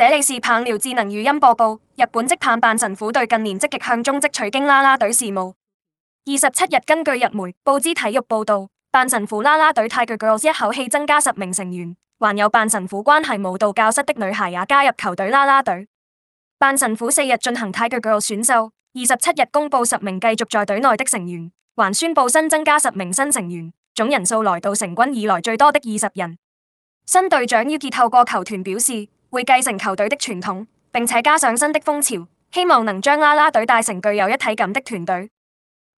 這裡是棒聊智能語音播報。日本職棒棒神父阪神虎隊近年積極向中職取經啦啦隊事務。二十七日根據日媒《報知體育》報道，阪神虎啦啦隊 Tiger Girls 一口氣增加十名成員，還有阪神虎關係舞蹈教室的女孩也加入球隊啦啦隊。阪神虎四日進行 Tiger Girls 選秀，二十七日公布十名繼續在隊內的成員，還宣布新增加十名新成員，總人數來到成軍以來最多的二十人。新隊長于杰透過球團表示。會繼承球隊的傳統，並且加上新的風潮，希望能將啦啦隊帶成具有一體感的團隊。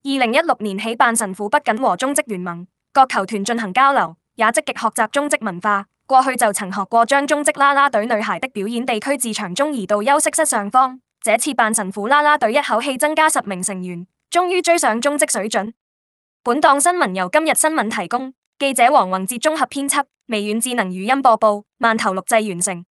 二零一六年起，阪神虎不僅和中職聯盟各球團進行交流，也積極學習中職文化。過去就曾學過將中職啦啦隊女孩的表演地區自場中移到休息室上方。這次阪神虎啦啦隊一口氣增加十名成員，終於追上中職水準。本檔新聞由今日新聞提供，記者黃宏哲綜合編輯，微軟智能語音播報，曼頭錄製完成。